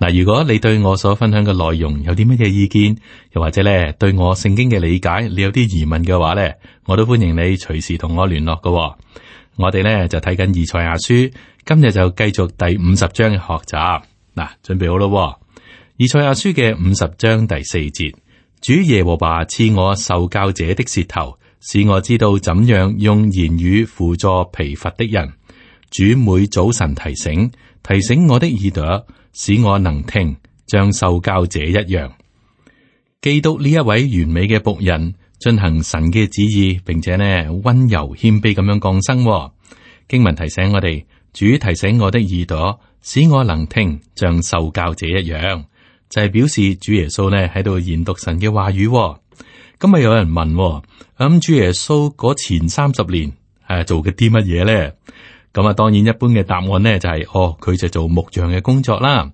嗱，如果你對我所分享嘅內容有啲乜嘢意見，又或者咧，對我聖經嘅理解，你有啲疑問嘅話咧，我都歡迎你隨時同我聯絡。噶、哦，我哋咧就睇緊《以賽亞書》，今日就繼續第五十章嘅學習。嗱，準備好咯、哦，《以賽亞書》嘅五十章第四節，主耶和華賜我受教者的舌頭，使我知道怎樣用言語輔助疲乏的人。主每早晨提醒提醒我的耳朵。使我能聽，像受教者一樣。基督呢一位完美嘅僕人，進行神嘅旨意，並且呢溫柔謙卑咁樣降生。經文提醒我哋，主提醒我的耳朵，使我能聽，像受教者一樣，就係表示主耶穌呢喺度研讀神嘅話語。今日有人問，咁主耶穌嗰前三十年係做嘅啲乜嘢咧？咁啊，當然一般嘅答案呢就係、是、哦，佢就做木匠嘅工作啦。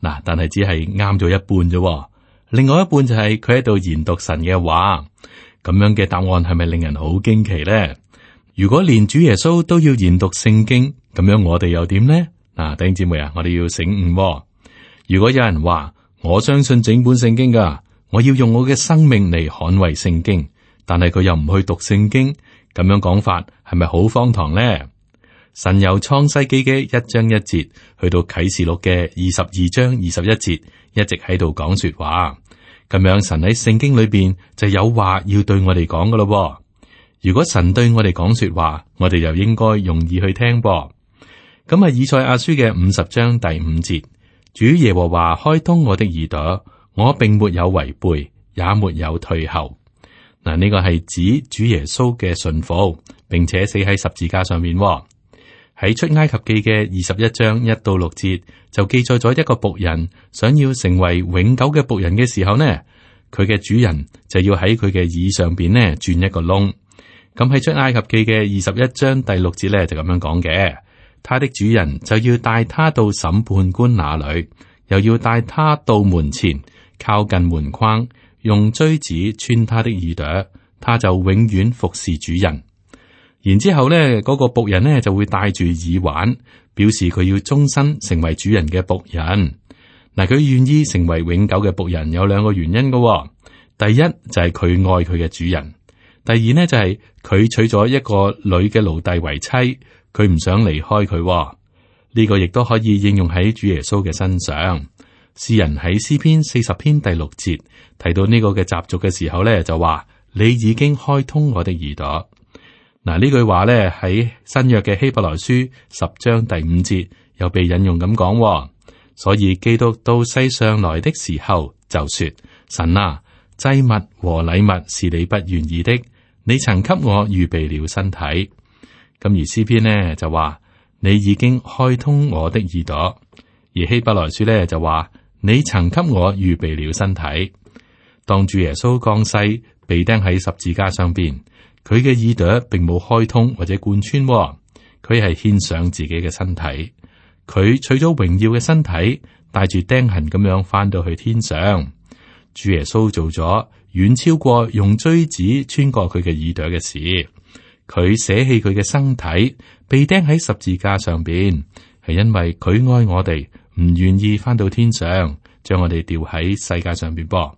嗱，但係只係啱咗一半啫。另外一半就係佢喺度研讀神嘅話，咁樣嘅答案係咪令人好驚奇呢？如果連主耶穌都要研讀聖經，咁樣我哋又點呢？嗱、啊，弟兄姊妹啊，我哋要醒悟、啊。如果有人話我相信整本聖經噶，我要用我嘅生命嚟捍衛聖經，但係佢又唔去讀聖經，咁樣講法係咪好荒唐呢？神由創世記嘅一章一節去到啟示錄嘅二十二章二十一節，一直喺度講說話。咁樣神喺聖經裏邊就有話要對我哋講噶咯。如果神對我哋講說話，我哋又應該容易去聽。噉啊，以賽亞書嘅五十章第五節，主耶和華開通我的耳朵，我並沒有違背，也沒有退後。嗱，呢個係指主耶穌嘅信服，並且死喺十字架上面。喺出埃及記嘅二十一章一到六節就記載咗一個僕人想要成為永久嘅僕人嘅時候呢，佢嘅主人就要喺佢嘅耳上邊呢轉一個窿。咁喺出埃及記嘅二十一章第六節呢，就咁樣講嘅，他的主人就要帶他，他，他到審判官那裡，又要帶他到門前靠近門框，用錐子穿他的耳朵，他就永遠服侍主人。然之後咧，嗰個僕人呢就會戴住耳環，表示佢要終身成為主人嘅僕人。嗱，佢願意成為永久嘅僕人，有兩個原因噶喎。第一就係佢愛佢嘅主人；第二呢，就係佢娶咗一個女嘅奴隸為妻，佢唔想離開佢喎。呢個亦都可以應用喺主耶穌嘅身上。詩人喺詩篇四十篇第六節提到呢個嘅習俗嘅時候呢，就話：你已經開通我的耳朵。嗱呢句話咧喺新約嘅希伯來書十章第五節又被引用咁講，所以基督到世上來的時候就說：神啊，祭物和禮物是你不願意的，你曾給我預備了身體。咁而詩篇呢，就話你已經開通我的耳朵，而希伯來書咧就話你曾給我預備了身體。當住耶穌降世，被釘喺十字架上邊。佢嘅耳朵並冇開通或者貫穿、哦，佢係獻上自己嘅身體。佢取咗榮耀嘅身體，帶住釘痕咁樣翻到去天上。主耶穌做咗遠超過用錐子穿過佢嘅耳朵嘅事。佢捨棄佢嘅身體，被釘喺十字架上邊，係因爲佢愛我哋，唔願意翻到天上，將我哋吊喺世界上邊。噃。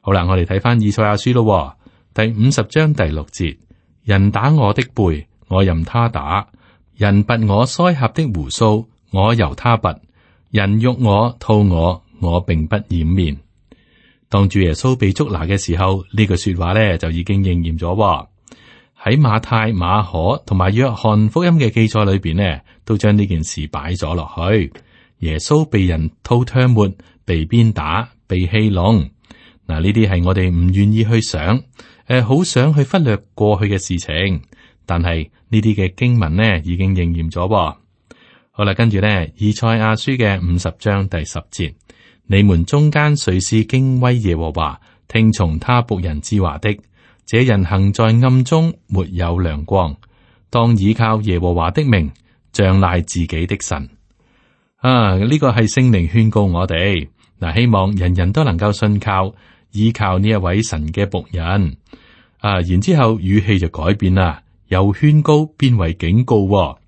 好啦，我哋睇翻以賽亞書咯。第五十章第六節：人打我的背，我任他打；人拔我腮頰的鬍鬚，我由他拔；人辱我、吐我，我並不掩面。當住耶穌被捉拿嘅時候，呢句說話呢就已經應驗咗。喺馬太、馬可同埋約翰福音嘅記載裏邊呢，都將呢件事擺咗落去。耶穌被人吐唾沫、被鞭打、被欺弄，嗱，呢啲係我哋唔願意去想，誒，好、呃、想去忽略過去嘅事情，但係呢啲嘅經文呢，已經應驗咗。好啦，跟住呢，以賽亞書嘅五十章第十節，你們中間誰是敬畏耶和華、聽從他僕人之話的？這人行在暗中，沒有亮光，當倚靠耶和華的名，像賴自己的神。啊，呢個係聖明勸告我哋嗱，希望人人都能夠信靠。依靠呢一位神嘅僕人，啊，然之後語氣就改變啦，由勸告變為警告，哦。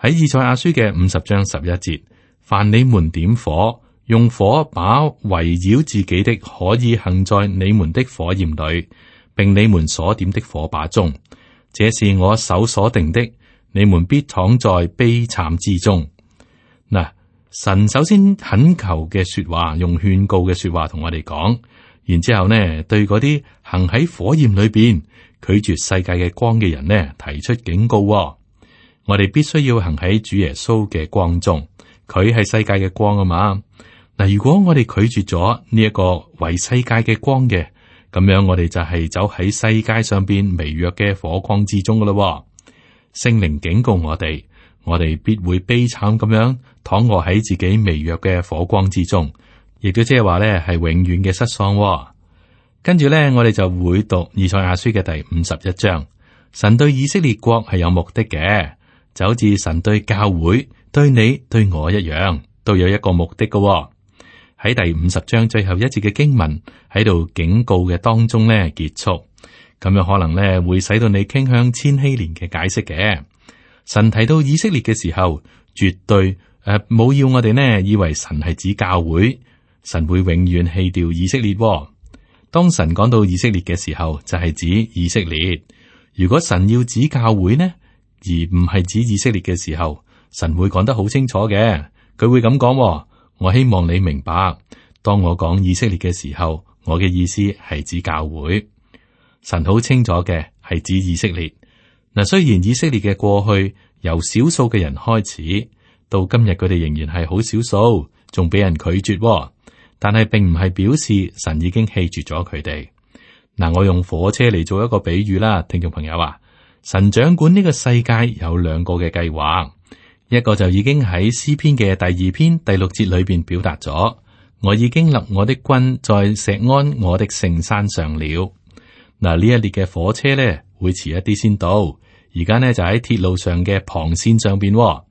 喺以賽亞書嘅五十章十一節，凡你們點火，用火把圍繞自己的，可以行在你們的火焰裏，並你們所點的火把中，這是我手所定的，你們必躺在悲慘之中。嗱，啊，神首先懇求嘅說話，用勸告嘅說話同我哋講。然之後呢，對嗰啲行喺火焰裏邊拒絕世界嘅光嘅人呢，提出警告喎。我哋必須要行喺主耶穌嘅光中，佢係世界嘅光啊嘛。嗱，如果我哋拒絕咗呢一個為世界嘅光嘅，咁樣我哋就係走喺世界上邊微弱嘅火光之中㗎喇喎。聖靈警告我哋，我哋必會悲慘咁樣躺臥喺自己微弱嘅火光之中。亦都即係話咧，係永遠嘅失喪、哦。跟住咧，我哋就會讀《以賽亞書》嘅第五十一章。神對以色列國係有目的嘅，就好似神對教會、對你、對我一樣，都有一個目的嘅、哦。喺第五十章最後一節嘅經文喺度警告嘅當中咧結束，咁樣可能咧會使到你傾向千禧年嘅解釋嘅。神提到以色列嘅時候，絕對誒冇、呃、要我哋呢以為神係指教會。神會永遠棄掉以色列喎。當神講到以色列嘅時候，就係指以色列。如果神要指教會呢，而唔係指以色列嘅時候，神會講得好清楚嘅。佢會咁講喎：我希望你明白，當我講以色列嘅時候，我嘅意思係指教會。神好清楚嘅係指以色列。嗱，雖然以色列嘅過去由少數嘅人開始，到今日佢哋仍然係好少數，仲俾人拒絕喎。但係並唔係表示神已經棄絕咗佢哋嗱。我用火車嚟做一個比喻啦，聽眾朋友啊，神掌管呢個世界有兩個嘅計劃，一個就已經喺詩篇嘅第二篇第六節裏邊表達咗。我已經立我的軍在石安我的聖山上了嗱。呢、啊、一列嘅火車呢會遲一啲先到，而家呢，就喺鐵路上嘅旁線上邊、哦，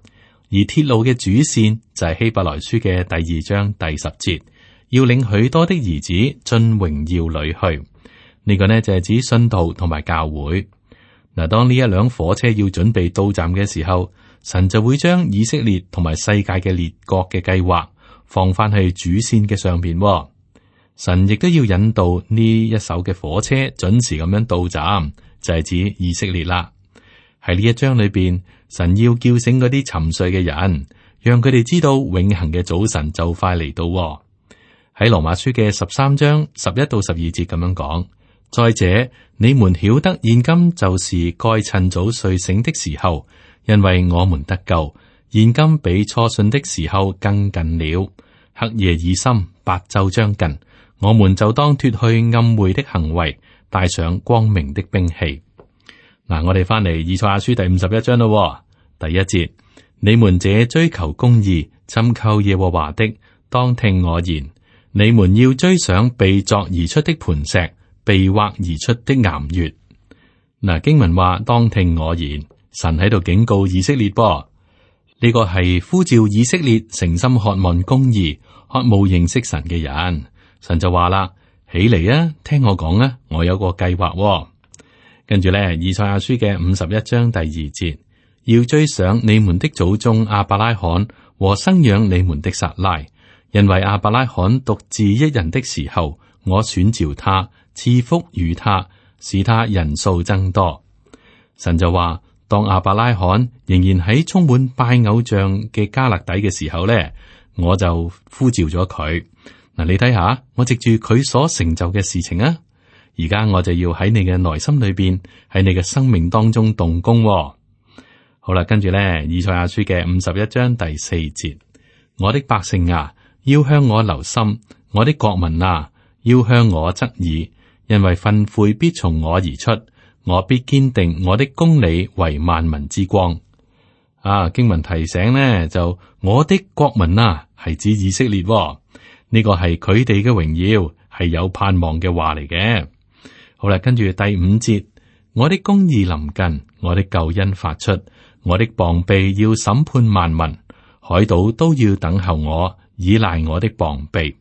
而鐵路嘅主線就係希伯來書嘅第二章第十節。要領許多的兒子進榮耀裏去。呢個呢就係指信徒同埋教會嗱。當呢一輛火車要準備到站嘅時候，神就會將以色列同埋世界嘅列國嘅計劃放翻去主線嘅上邊。神亦都要引導呢一艘嘅火車準時咁樣到站，就係指以色列啦。喺呢一章裏邊，神要叫醒嗰啲沉睡嘅人，讓佢哋知道永恆嘅早晨就快嚟到。喺羅馬書嘅十三章十一到十二節咁樣講。再者，你們曉得現今就是該趁早睡醒的時候，因為我們得救，現今比初信的時候更近了。黑夜已深，白晝將近，我們就當脫去暗昧的行為，帶上光明的兵器。嗱、啊，我哋翻嚟以賽亞書第五十一章咯，第一節：你們這追求公義、尋求耶和華的，當聽我言。你們要追上被鑿而出的磐石，被挖而出的岩穴。嗱，經文話當聽我言，神喺度警告以色列噃。呢、這個係呼召以色列誠心渴望公義、渴慕認識神嘅人。神就話啦：起嚟啊，聽我講啊，我有個計劃、啊。跟住咧，以賽亞書嘅五十一章第二節，要追上你們的祖宗亞伯拉罕和生養你們的撒拉。因為亞伯拉罕獨自一人的時候，我選召他，賜福與他，使他人數增多。神就話：當亞伯拉罕仍然喺充滿拜偶像嘅迦勒底嘅時候呢，我就呼召咗佢。嗱，你睇下，我藉住佢所成就嘅事情啊，而家我就要喺你嘅內心裏邊，喺你嘅生命當中動工、哦。好啦，跟住呢，以賽亞書嘅五十一章第四節，我的百姓啊！要向我留心，我的國民啊，要向我質疑，因為憤悔必從我而出，我必堅定我的公理為萬民之光。啊，經文提醒呢，就我的國民啊，係指以色列、哦，呢、這個係佢哋嘅榮耀，係有盼望嘅話嚟嘅。好啦，跟住第五節，我的公義臨近，我的救恩發出，我的膀臂要審判萬民，海島都要等候我。倚賴我的膀臂，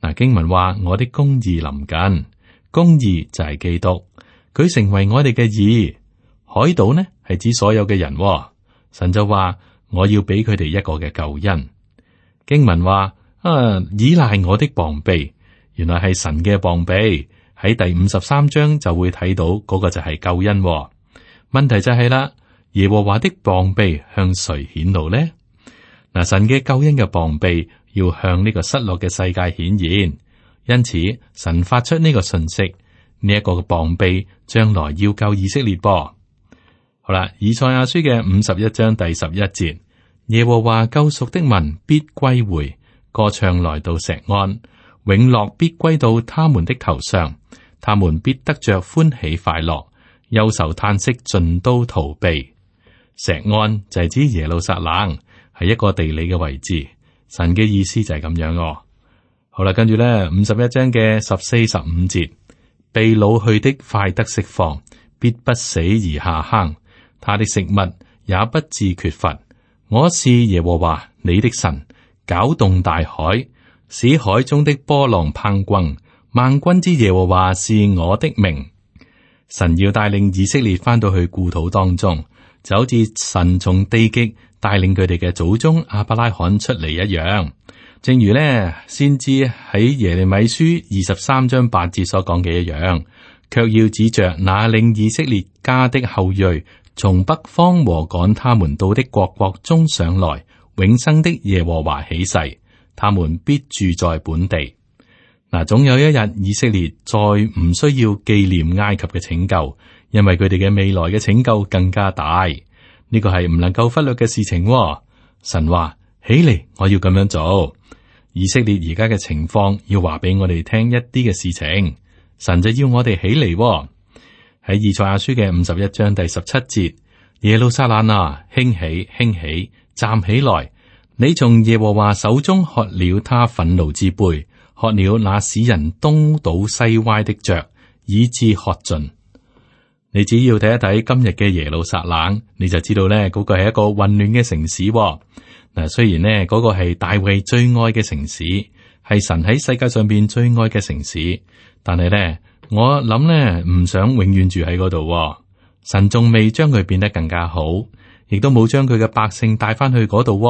嗱，經文話我的公義臨近，公義就係基督，佢成為我哋嘅義。海島呢係指所有嘅人，哦，神就話我要俾佢哋一個嘅救恩。經文話啊，倚賴我的膀臂，原來係神嘅膀臂。喺第五十三章就會睇到嗰個就係救恩，哦。問題就係、是、啦，耶和華的膀臂向誰顯露呢？嗱，神嘅救恩嘅膀臂。要向呢個失落嘅世界顯現，因此神發出呢個信息，呢、這、一個嘅膀臂將來要救以色列波。噃好啦，《以賽亞書》嘅五十一章第十一節：耶和華救贖的民必歸回，歌唱來到錫安，永樂必歸到他們的頭上，他們必得着歡喜快樂，憂愁嘆息盡都逃避。錫安就係指耶路撒冷，係一個地理嘅位置。神嘅意思就係咁樣咯、啊。好啦，跟住咧五十一章嘅十四十五節，被擄去的快得釋放，必不死而下坑，他的食物也不致缺乏。我是耶和華你的神，攪動大海，使海中的波浪匉訇。萬軍之耶和華是我的名。神要帶領以色列翻到去故土當中，就好似神從地極。帶領佢哋嘅祖宗阿伯拉罕出嚟一樣，正如呢先知喺耶利米書二十三章八節所講嘅一樣，卻要指着那領以色列家的後裔從北方和趕他們到的國國中上來，永生的耶和華起誓，他們必住在本地。嗱，總有一日以色列再唔需要紀念埃及嘅拯救，因為佢哋嘅未來嘅拯救更加大。呢個係唔能夠忽略嘅事情，哦。神話，起嚟，我要咁樣做。以色列而家嘅情況，要話俾我哋聽一啲嘅事情。神就要我哋起嚟，哦。喺以賽亞書嘅五十一章第十七節，耶路撒冷啊，興起，興起，站起來！你從耶和華手中喝了他憤怒之杯，喝了那使人東倒西歪的爵，以致喝盡。你只要睇一睇今日嘅耶路撒冷，你就知道咧，嗰個係一個混亂嘅城市。嗱，雖然咧，嗰個係大衛最愛嘅城市，係神喺世界上邊最愛嘅城市，但係咧，我諗咧唔想永遠住喺嗰度。神仲未將佢變得更加好，亦都冇將佢嘅百姓帶翻去嗰度。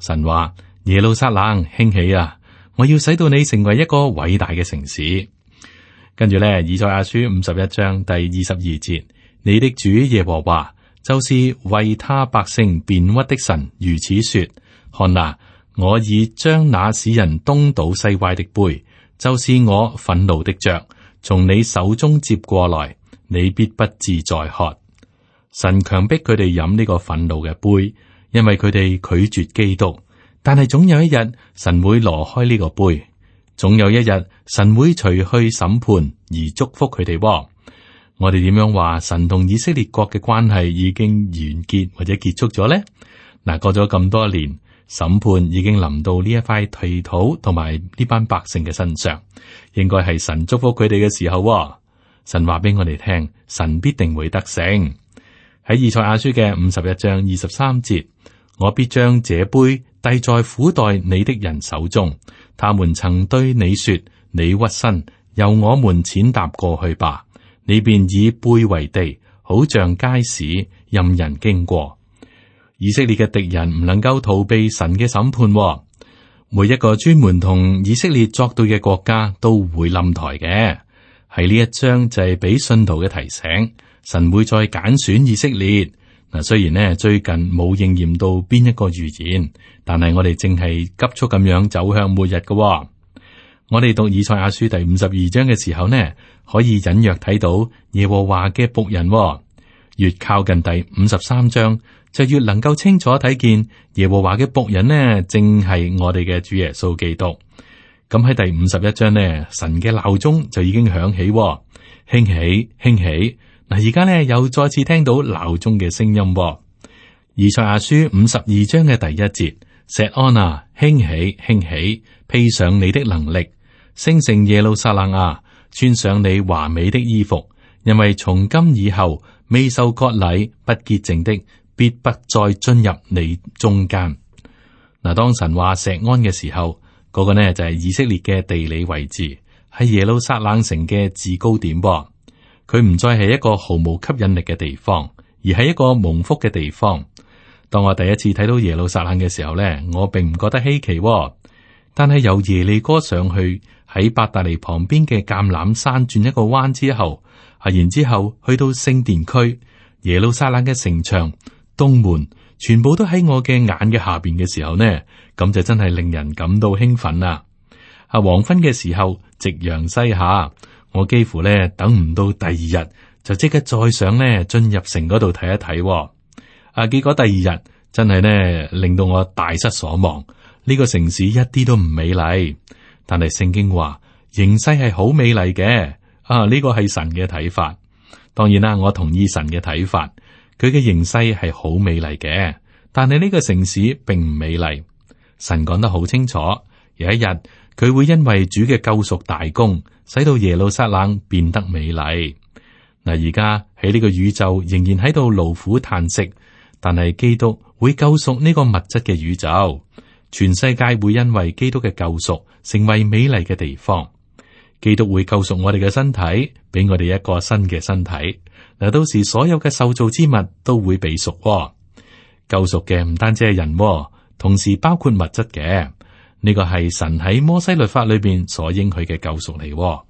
神話耶路撒冷興起啊！我要使到你成為一個偉大嘅城市。跟住咧，以賽亞書五十一章第二十二節，你的主耶和華就是為他百姓辯屈的神，如此說：看哪，我已將那使人東倒西歪的杯，就是我憤怒的爵，從你手中接過來，你必不自在喝。神強逼佢哋飲呢個憤怒嘅杯，因為佢哋拒絕基督。但係總有一日，神會挪開呢個杯。總有一日，神會除去審判而祝福佢哋、哦。我哋點樣話神同以色列國嘅關係已經完結或者結束咗呢？嗱、啊，過咗咁多年，審判已經臨到呢一塊退土同埋呢班百姓嘅身上，應該係神祝福佢哋嘅時候、哦。神話俾我哋聽，神必定會得勝。喺以賽亞書嘅五十一章二十三節，我必將這杯遞在苦待你的人手中。他們曾對你說：你屈身由我們踐踏過去吧，你便以背為地，好像街市任人經過。以色列嘅敵人唔能夠逃避神嘅審判、哦，每一個專門同以色列作對嘅國家都會冧台嘅。係呢一章就係俾信徒嘅提醒，神會再揀選以色列。嗱，雖然咧最近冇應驗到邊一個預言，但係我哋正係急速咁樣走向末日噶、哦。我哋讀以賽亞書第五十二章嘅時候呢，可以隱約睇到耶和華嘅僕人、哦。越靠近第五十三章，就越能夠清楚睇見耶和華嘅僕人呢，正係我哋嘅主耶穌基督。咁喺第五十一章呢，神嘅鬧鐘就已經響起、哦，興起，興起。而家呢，又再次聽到鬧鐘嘅聲音、哦。以賽亞書五十二章嘅第一節，錫安啊，興起，興起，披上你的能力，聖城耶路撒冷啊，穿上你華美的衣服，因為從今以後，未受割禮不潔淨的，必不再進入你中間。嗱、嗯，當神話錫安嘅時候，嗰、那個呢就係、是、以色列嘅地理位置，喺耶路撒冷城嘅至高點、哦。噃。佢唔再係一個毫無吸引力嘅地方，而係一個蒙福嘅地方。當我第一次睇到耶路撒冷嘅時候呢，我並唔覺得稀奇，哦。但係由耶利哥上去，喺八達尼旁邊嘅橄欖山轉一個彎之後，啊，然之後去到聖殿區，耶路撒冷嘅城牆、東門，全部都喺我嘅眼嘅下邊嘅時候呢，咁就真係令人感到興奮啦。啊，黃昏嘅時候，夕陽西下。我幾乎咧等唔到第二日，就即刻再上咧進入城嗰度睇一睇，哦。啊，結果第二日真係咧令到我大失所望。呢、呢個城市一啲都唔美麗。但係聖經話形勢係好美麗嘅。啊，呢個係神嘅睇法。當然啦、啊，我同意神嘅睇法。佢嘅形勢係好美麗嘅，但係呢個城市並唔美麗。神講得好清楚，有一日。佢會因為主嘅救贖大功，使到耶路撒冷變得美麗。嗱，而家喺呢個宇宙仍然喺度勞苦嘆息，但係基督會救贖呢個物質嘅宇宙，全世界會因為基督嘅救贖成為美麗嘅地方。基督會救贖我哋嘅身體，俾我哋一個新嘅身體。嗱，到時所有嘅受造之物都會被贖。救贖嘅唔單止係人，同時包括物質嘅。呢個係神喺摩西律法裏邊所應許嘅救贖嚟、哦。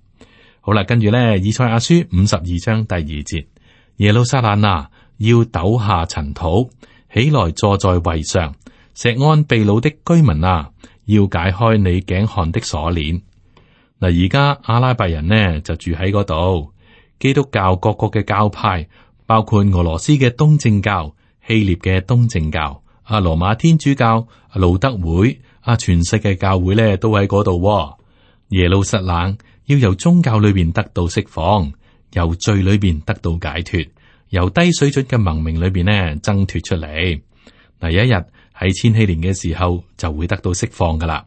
好啦，跟住咧，以賽亞書五十二章第二節：耶路撒冷啊，要抖下塵土，起來坐在位上；錫安被擄嘅居民啊，要解開你頸項的鎖鏈。嗱，而家阿拉伯人呢，就住喺嗰度，基督教各國嘅教派，包括俄羅斯嘅東正教、希臘嘅東正教、啊羅馬天主教、路德會。啊！全世嘅教會咧都喺嗰度。耶路撒冷要由宗教裏邊得到釋放，由罪裏邊得到解脱，由低水準嘅文明裏邊咧掙脫出嚟。第一日喺千禧年嘅時候就會得到釋放噶啦。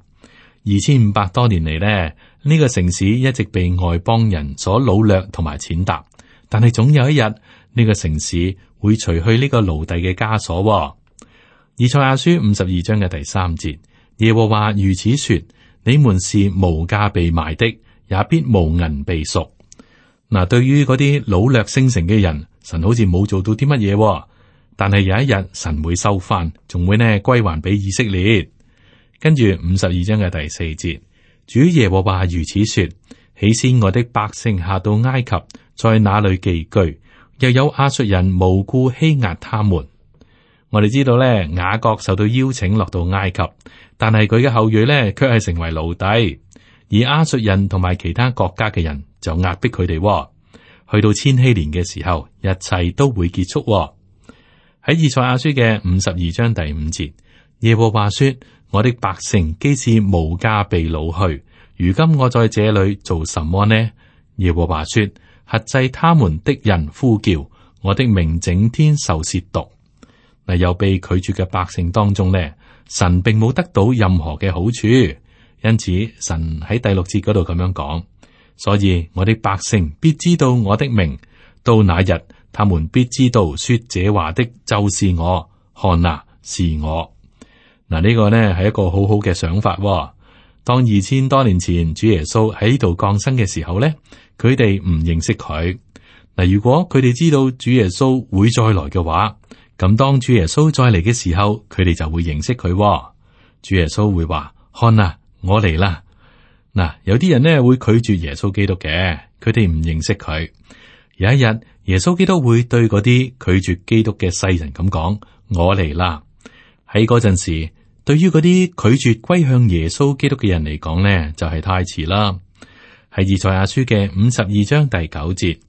二千五百多年嚟咧，呢個城市一直被外邦人所擄掠同埋踐踏，但係總有一日呢個城市會除去呢個奴隸嘅枷鎖。以賽亞書五十二章嘅第三節。耶和華如此說：你們是無價被賣的，也必無銀被贖。嗱、啊，對於嗰啲擄掠聖城嘅人，神好似冇做到啲乜嘢。但係有一日，神會收翻，仲會呢歸還俾以色列。跟住五十二章嘅第四節，主耶和華如此說：起先我的百姓下到埃及，在那裏寄居，又有亞述人無故欺壓他們。我哋知道咧，雅各受到邀請落到埃及，但係佢嘅後裔呢，卻係成為奴隸，而亞述人同埋其他國家嘅人就壓迫佢哋，哦。去到千禧年嘅時候，一切都會結束，哦。喺《以賽亞書》嘅五十二章第五節，耶和華說：我的百姓既是無價被擄去，如今我在這裏做什麼呢？耶和華說：轄制他們的人呼叫，我的名，整天受褻瀆。嗱，又被拒絕嘅百姓當中呢，神並冇得到任何嘅好處，因此神喺第六節嗰度咁樣講，所以我的百姓必知道我的名，到那日，他們必知道說這話的就是我，看啊，是我。嗱，呢個呢係一個好好嘅想法。當二千多年前主耶穌喺度降生嘅時候呢，佢哋唔認識佢。嗱，如果佢哋知道主耶穌會再來嘅話。咁當主耶穌再嚟嘅時候，佢哋就會認識佢，哦。主耶穌會話，看啊，我嚟啦。嗱，有啲人呢會拒絕耶穌基督嘅，佢哋唔認識佢。有一日，耶穌基督會對嗰啲拒絕基督嘅世人咁講，我嚟啦。喺嗰陣時，對於嗰啲拒絕歸向耶穌基督嘅人嚟講呢就係、是、太遲啦。喺以賽亞書嘅五十二章第九節，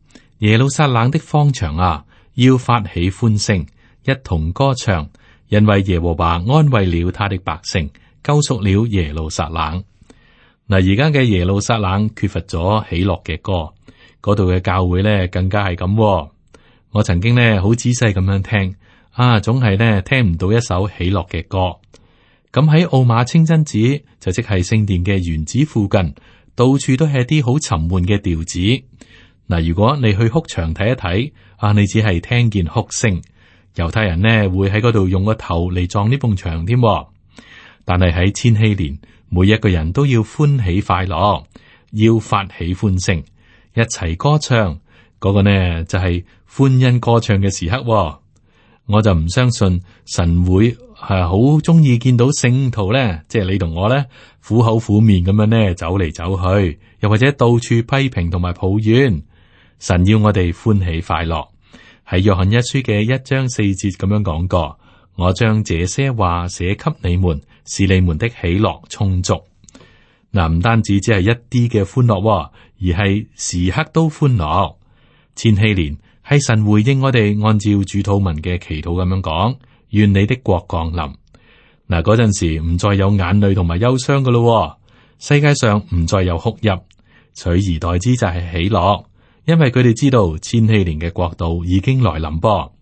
耶路撒冷的荒場啊，要發起歡聲。一同歌唱，因為耶和華安慰了他的百姓，救贖了耶路撒冷。嗱，而家嘅耶路撒冷缺乏咗喜樂嘅歌，嗰度嘅教會咧更加係咁。我曾經咧好仔細咁樣聽啊，總係咧聽唔到一首喜樂嘅歌。咁喺奧馬清真寺就即係聖殿嘅原址附近，到處都係啲好沉悶嘅調子。嗱，如果你去哭場睇一睇啊，你只係聽見哭聲。猶太人呢會喺嗰度用個頭嚟撞呢埲牆添，但係喺千禧年，每一個人都要歡喜快樂，要發起歡聲，一齊歌唱。嗰個呢就係歡欣歌唱嘅時刻。我就唔相信神會係好中意見到聖徒咧，即係你同我咧苦口苦面咁樣咧走嚟走去，又或者到處批評同埋抱怨。神要我哋歡喜快樂。喺約翰一書嘅一章四節咁樣講過，我將這些話寫給你們，使你們的喜樂充足。嗱、啊、唔單止只係一啲嘅歡樂、哦，而係時刻都歡樂。千禧年係神回應我哋按照主禱文嘅祈禱咁樣講，願你的國降臨。嗱，嗰陣時唔再有眼淚同埋憂傷噶咯，世界上唔再有哭泣，取而代之就係喜樂。因為佢哋知道千禧年嘅國度已經來臨噃。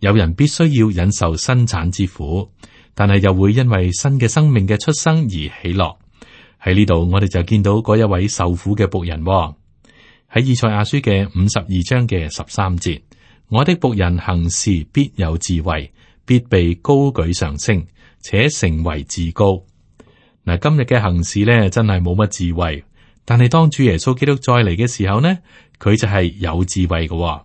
有人必須要忍受生產之苦，但係又會因為新嘅生命嘅出生而喜樂。喺呢度我哋就見到嗰一位受苦嘅僕人喎、哦，喺以賽亞書嘅五十二章嘅十三節，我的僕人行事必有智慧，必被高舉上升，且成為至高。嗱，今日嘅行事咧，真係冇乜智慧。但係當主耶穌基督再嚟嘅時候呢，佢就係有智慧嘅、哦。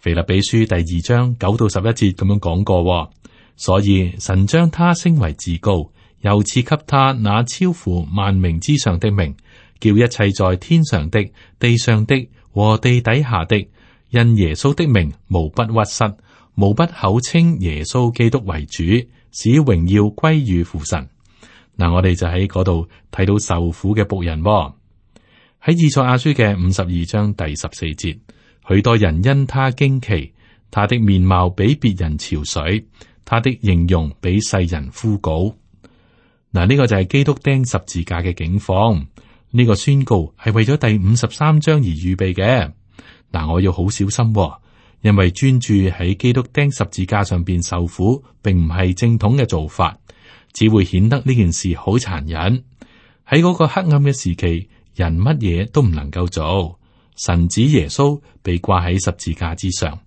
腓立比書第二章九到十一節咁樣講過、哦，所以神將他升為至高，又賜給他那超乎萬名之上的名，叫一切在天上的、地上的和地底下的，因耶穌的名，無不屈膝，無不口稱耶穌基督為主，使榮耀歸於父神。嗱、嗯，我哋就喺嗰度睇到受苦嘅僕人、哦。喺《以賽亞書》嘅五十二章第十四節，許多人因他驚奇，他的面貌比別人憔悴，他的形容比世人枯槁。嗱，呢個就係基督釘十字架嘅景況。呢、這個宣告係為咗第五十三章而預備嘅。嗱，我要好小心、哦，因為專注喺基督釘十字架上邊受苦，並唔係正統嘅做法，只會顯得呢件事好殘忍。喺嗰個黑暗嘅時期。人乜嘢都唔能夠做，神子耶穌被掛喺十字架之上，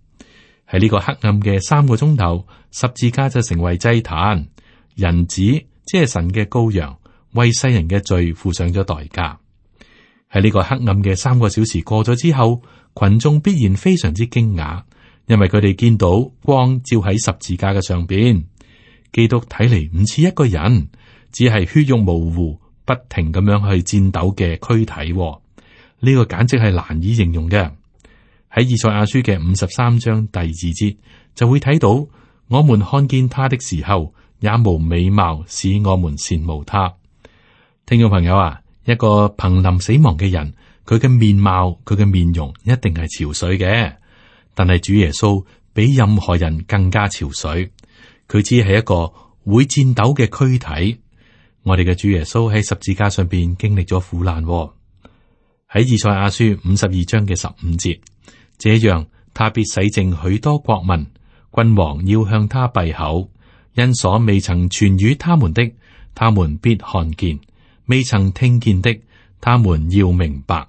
喺呢個黑暗嘅三個鐘頭，十字架就成為祭壇，人子即係神嘅羔羊，為世人嘅罪付上咗代價。喺呢個黑暗嘅三個小時過咗之後，群眾必然非常之驚訝，因為佢哋見到光照喺十字架嘅上邊，基督睇嚟唔似一個人，只係血肉模糊。不停咁樣去顫抖嘅軀體，呢個簡直係難以形容嘅。喺以賽亞書嘅五十三章第二節，就會睇到，我們看見他的時候，也無美貌使我們羨慕他。聽眾朋友啊，一個瀕臨死亡嘅人，佢嘅面貌、佢嘅面容一定係憔悴嘅，但係主耶穌比任何人更加憔悴，佢只係一個會顫抖嘅軀體。我哋嘅主耶穌喺十字架上面經歷咗苦難、哦，喺以賽亞書五十二章嘅十五節，這樣他必洗淨許多國民，君王要向他閉口，因所未曾傳與他們的，他們必看見；未曾聽見的，他們要明白。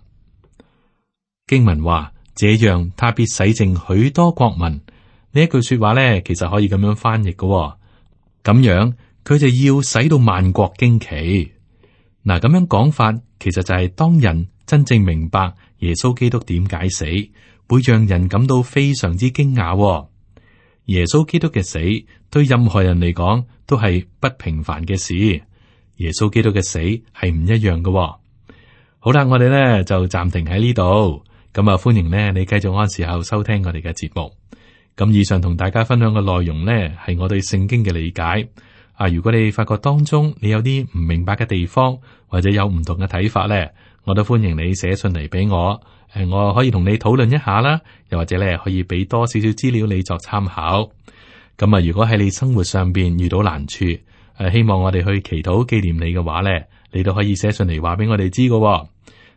經文話，這樣他必洗淨許多國民呢一句說話咧，其實可以咁樣翻譯嘅、哦，咁樣。佢就要使到萬國驚奇嗱，咁，啊，咁樣講法，其實就係當人真正明白耶穌基督點解死，會讓人感到非常之驚訝哦。耶穌基督嘅死對任何人嚟講都係不平凡嘅事。耶穌基督嘅死係唔一樣嘅哦。好啦，我哋咧就暫停喺呢度，咁啊，歡迎咧你繼續按時候收聽我哋嘅節目。咁以上同大家分享嘅內容咧，係我對聖經嘅理解。啊！如果你發覺當中你有啲唔明白嘅地方，或者有唔同嘅睇法呢，我都歡迎你寫信嚟俾我。誒，我可以同你討論一下啦，又或者咧可以俾多少少資料你作參考。咁啊，如果喺你生活上邊遇到難處，誒，希望我哋去祈禱紀念你嘅話呢，你都可以寫信嚟話俾我哋知嘅。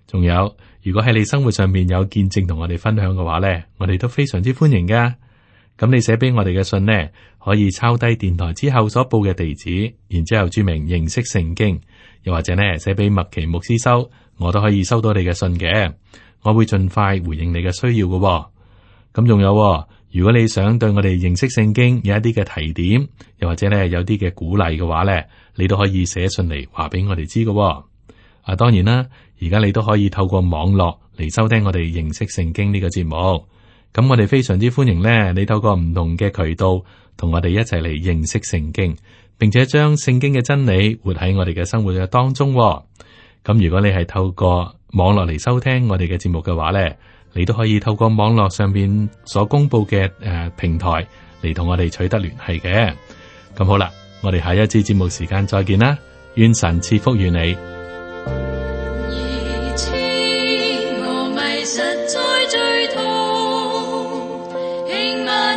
仲有，如果喺你生活上面有見證同我哋分享嘅話呢，我哋都非常之歡迎㗎。咁你寫俾我哋嘅信呢，可以抄低電台之後所報嘅地址，然之後注明認識聖經，又或者呢寫俾麥奇牧師收，我都可以收到你嘅信嘅，我會盡快回應你嘅需要㗎喎。咁仲有，如果你想對我哋認識聖經有一啲嘅提點，又或者呢有啲嘅鼓勵嘅話呢，你都可以寫信嚟話俾我哋知噶。啊，當然啦，而家你都可以透過網絡嚟收聽我哋認識聖經呢個節目。咁我哋非常之歡迎呢，你透過唔同嘅渠道，同我哋一齊嚟認識聖經，並且將聖經嘅真理活喺我哋嘅生活嘅當中，哦。咁如果你係透過網絡嚟收聽我哋嘅節目嘅話呢，你都可以透過網絡上邊所公布嘅誒、呃、平台嚟同我哋取得聯繫嘅。咁好啦，我哋下一節節目時間再見啦，願神賜福與你。